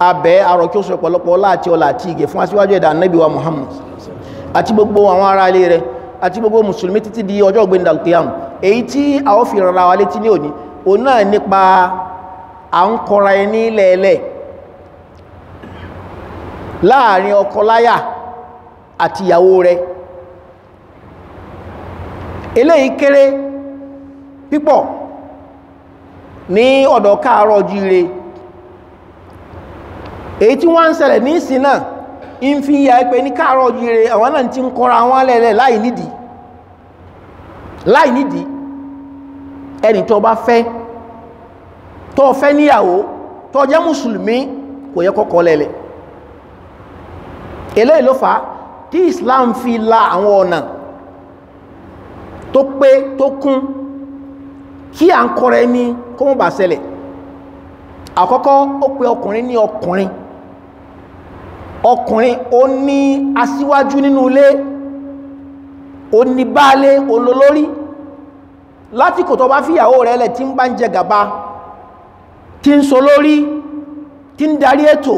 abẹ́ arọ̀ kí ó sọ pọ̀lọpọ̀ láti ọlá àti ìgẹ̀ fún aṣíwájú ẹ̀dà Ànábì wa Muhammad àti gbogbo àwọn ará ilé rẹ̀ àti gbogbo musulmi títí di ọjọ́ ògbéǹdà ahu. èyí tí a ó fi rárá wa létí ní òní òun náà nípa à ń èyí tí wọ́n ń ní ìsìn náà fi ya ẹgbẹ́ ní káàrọ̀ jíire àwọn náà ti ń kọ́ra wọn lẹ́lẹ̀ láì nídìí láì nídìí ẹni tó bá fẹ́ tó fẹ́ níyàwó tó jẹ́ musulmi kò yẹ kọ́kọ́ lẹ́lẹ̀ Islam fi la àwọn ọ̀nà tó pé tó kún kí à ń kó bà àkọ́kọ́ ó ọkùnrin ó ní aṣíwájú nínú ilé ó ní lati olólórí látìkò bá fíyàwó rẹ̀ lẹ̀ tí ń bá ń jẹ gàba tí ń so lórí tí ń darí ètò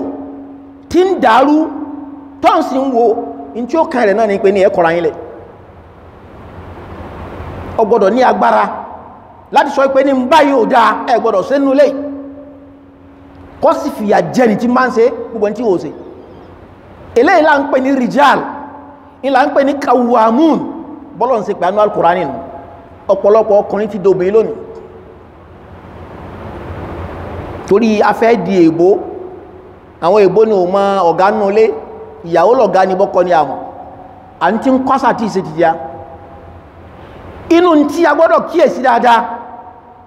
tí ń dàrú tọ́n ń wo in tí ó kàn rẹ̀ náà ni pé ní ní agbára láti sọ pé ní ń dáa fìyà jẹ́ni tí gbogbo tí eléyìí là ń pè ní rijal ìlà ń pè ní kawamun bọ́lọ̀ ń ṣe pé anú alkùránì nù ọ̀pọ̀lọpọ̀ ọkùnrin ti dòbin lónìí torí afẹ́ di èbó àwọn èbó ni ò mọ ọ̀gá nulé ìyàwó lọ̀gá ni bọ́kọ ni àwọn à ń ti ń kọ́sà tí ìṣe tìjà inú tí a gbọ́dọ̀ kíyèsí dáadáa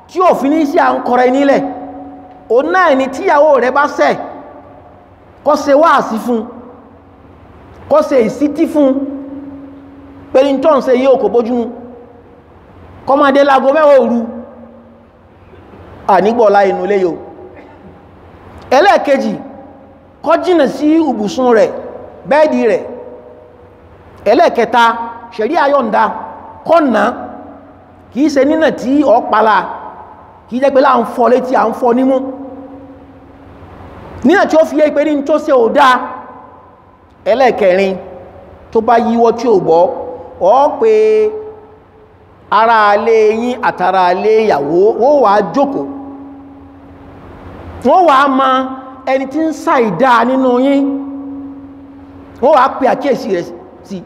tí òfin ní sí à ń kọrẹ nílẹ̀ òun náà ni tíyàwó rẹ bá ṣẹ̀ kọ́ ṣe wáàsí fún un kọ́ se ìsítí fún pẹ̀lú tó ń ṣe yíò kò bójúmu kọ́ máa dé lágo mẹ́wàá òru ànígbọ̀lá inú lé yóò ẹlẹ́ẹ̀kejì kọ́ jìnà sí ibùsùn rẹ̀ bẹ́ẹ̀dì rẹ̀ ẹlẹ́ẹ̀kẹta ṣẹ̀rí ayọ́ǹda kọ́nà kìí ṣe nínà tí ọ pala kìí jẹ́ pé ń fọ́ létí à ń fọ́ nímú nínà tí ó fi yé pé ní tó ṣe ò dáa ẹlẹ́ẹ̀kẹrin tó bá yíwọ́ tí ò gbọ́ ọ pé ara alé yín àtara alé ìyàwó wa wà jókòó wọ́n wà ma ẹni tí ń ṣàìdá nínú yín wọ́n wà pé àkíyèsí rẹ̀ sí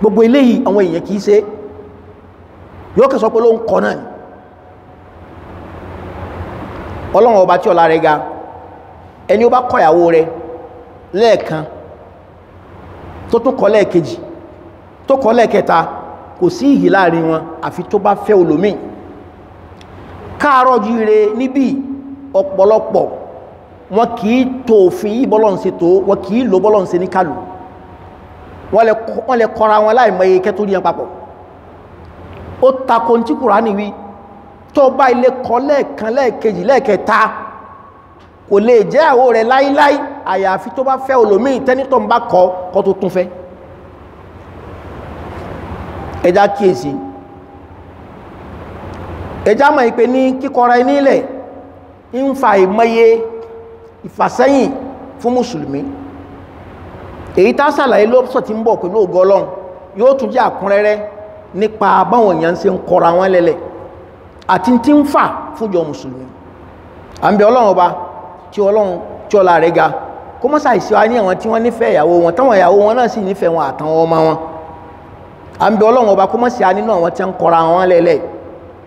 gbogbo eléyìí àwọn èèyàn kìí ṣe yóò kẹsọ pé ló ń kọ náà ọlọ́run ọba tí ọlá rẹ̀ ga ẹni ó bá kọ̀yàwó rẹ̀ lẹ́ẹ̀kan tó tún kọ́ lẹ́ẹ̀kejì tó kọ́ lẹ́ẹ̀kẹta kò sí ìyí láàrin wọn àfi tó bá fẹ́ olómi káàárọ̀ jíire níbi ọ̀pọ̀lọpọ̀ wọn kì í tó òfin yìí bọ́lọ́nsẹ̀ tó wọn kì í lo bọ́lọ́nsẹ̀ ní kálù wọ́n lè kọra wọn láì mọye kẹ́ tó rí papọ̀ ó takò tí Kùránì wí tó bá ilé kọ́ lẹ́ẹ̀kan lẹ́ẹ̀kejì lẹ́ẹ̀kẹta kò lè jẹ́ àwó rẹ̀ láíláí àyàfi tó bá fẹ́ olómi ìtẹ́nítọ̀ ń bá kọ́ kọ́ tó tún fẹ́ ẹjá kíyèsí ẹjá mọ̀ ìpé ní kíkọra nílẹ̀ ń fa ìmọye ìfàsẹ́yìn fún mùsùlùmí èyí tá sàlàyé lọ́pọ̀ tí ń bọ̀ pẹ̀lú ògo yóò tún jẹ́ àkúnrẹ́rẹ́ nípa báwọn èèyàn ṣe ń kọra wọn lẹ́lẹ̀ àti tí ń fà fújọ mùsùlùmí à Ọlọ́run ọba tí ọlọ́run tí rẹ̀ ga kó mọ́ ṣàìsí wa ní àwọn tí wọ́n nífẹ̀ẹ́ ìyàwó wọn táwọn ìyàwó wọn náà sì nífẹ̀ẹ́ wọn àtàwọn ọmọ wọn à ń bẹ ọlọ́run ọba kó mọ́ sí anínú àwọn tí ń kọra wọn lẹ́lẹ̀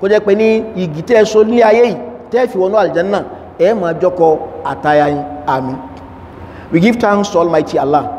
kó jẹ́ pé ní igi tẹ́ so ní ayé yìí tẹ́ fi wọnú àlìjánnà ẹ máa jókòó àtayà yín àmín we give thanks to Almighty Allah